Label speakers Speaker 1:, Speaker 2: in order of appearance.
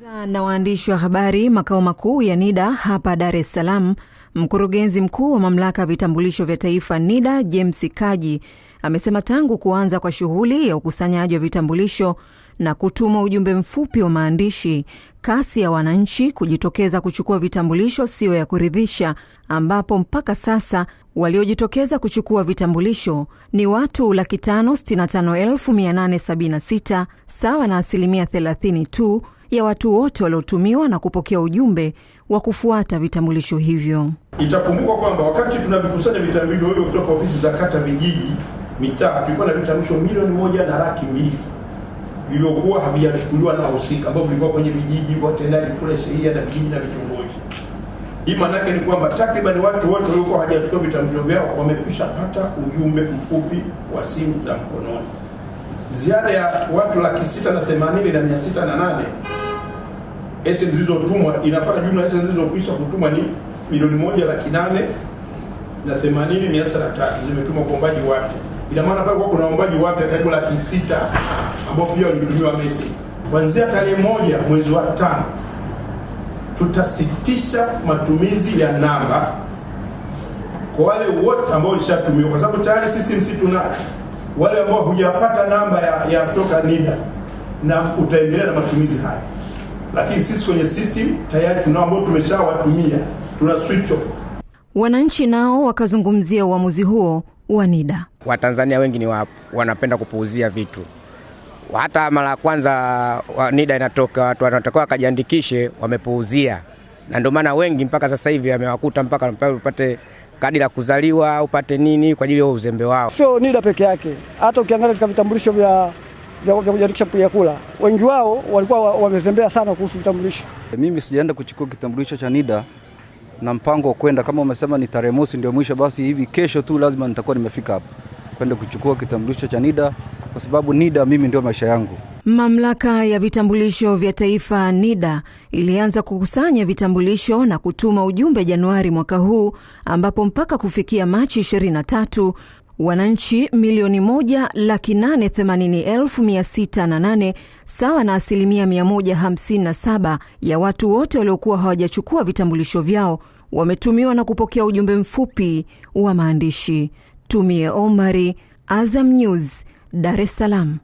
Speaker 1: Akizungumza na waandishi wa habari makao makuu ya NIDA hapa Dar es Salaam, mkurugenzi mkuu wa mamlaka ya vitambulisho vya taifa NIDA James Kaji amesema tangu kuanza kwa shughuli ya ukusanyaji wa vitambulisho na kutuma ujumbe mfupi wa maandishi, kasi ya wananchi kujitokeza kuchukua vitambulisho siyo ya kuridhisha, ambapo mpaka sasa waliojitokeza kuchukua vitambulisho ni watu laki tano sitini na tano elfu mia nane sabini na sita sawa na asilimia 30 tu ya watu wote waliotumiwa na kupokea ujumbe wa kufuata vitambulisho hivyo.
Speaker 2: Itakumbukwa kwamba wakati tunavikusanya vitambulisho hivyo kutoka ofisi za kata, vijiji, mitaa, tulikuwa na vitambulisho milioni moja na laki mbili vilivyokuwa havijachukuliwa na wahusika ambao vilikuwa kwenye vijiji, watendaji kule shehia na vijiji na vitongoji. Hii maana yake ni kwamba takriban watu wote waliokuwa hawajachukua vitambulisho vyao wamekwisha pata ujumbe mfupi wa simu za mkononi. Ziada ya watu laki sita na themanini na mia sita na nane essence zilizotumwa inafanya jumla essence zilizokwisha kutumwa ni milioni moja laki nane na themanini mia saba tatu zimetumwa kwa waombaji wapya. Ina maana pale kuna waombaji wapya karibu laki sita ambao pia walitumiwa message. Kuanzia tarehe moja mwezi wa tano tutasitisha matumizi ya namba kwa wale wote ambao walishatumiwa, kwa sababu tayari sisi msi tuna wale ambao hujapata namba ya, ya kutoka NIDA na utaendelea na matumizi haya lakini sisi kwenye system tayari tunao ambao tumeshawatumia, tuna switch off.
Speaker 1: Wananchi nao wakazungumzia uamuzi huo wa NIDA.
Speaker 3: Watanzania wengi ni wa, wanapenda kupuuzia vitu hata mara ya kwanza wa NIDA inatoka, watu wanatakiwa wakajiandikishe, wamepuuzia, na ndio maana wengi mpaka sasa hivi amewakuta mpaka upate kadi la kuzaliwa upate nini kwa ajili ya uzembe wao.
Speaker 4: Sio NIDA peke yake, hata ukiangalia katika vitambulisho vya vya kupiga kula. Wengi wao walikuwa wamezembea sana kuhusu vitambulisho.
Speaker 5: Mimi sijaenda kuchukua kitambulisho cha NIDA na mpango wa kwenda, kama umesema ni tarehe mosi ndio mwisho, basi hivi kesho tu lazima nitakuwa nimefika hapa kwenda kuchukua kitambulisho cha NIDA kwa sababu NIDA mimi ndio maisha yangu.
Speaker 1: Mamlaka ya vitambulisho vya taifa NIDA ilianza kukusanya vitambulisho na kutuma ujumbe Januari mwaka huu ambapo mpaka kufikia Machi 23 Wananchi milioni moja laki nane themanini elfu mia sita na nane sawa na asilimia 157 ya watu wote waliokuwa hawajachukua vitambulisho vyao wametumiwa na kupokea ujumbe mfupi wa maandishi. Tumie Omari, Azam News, Dar es Salaam.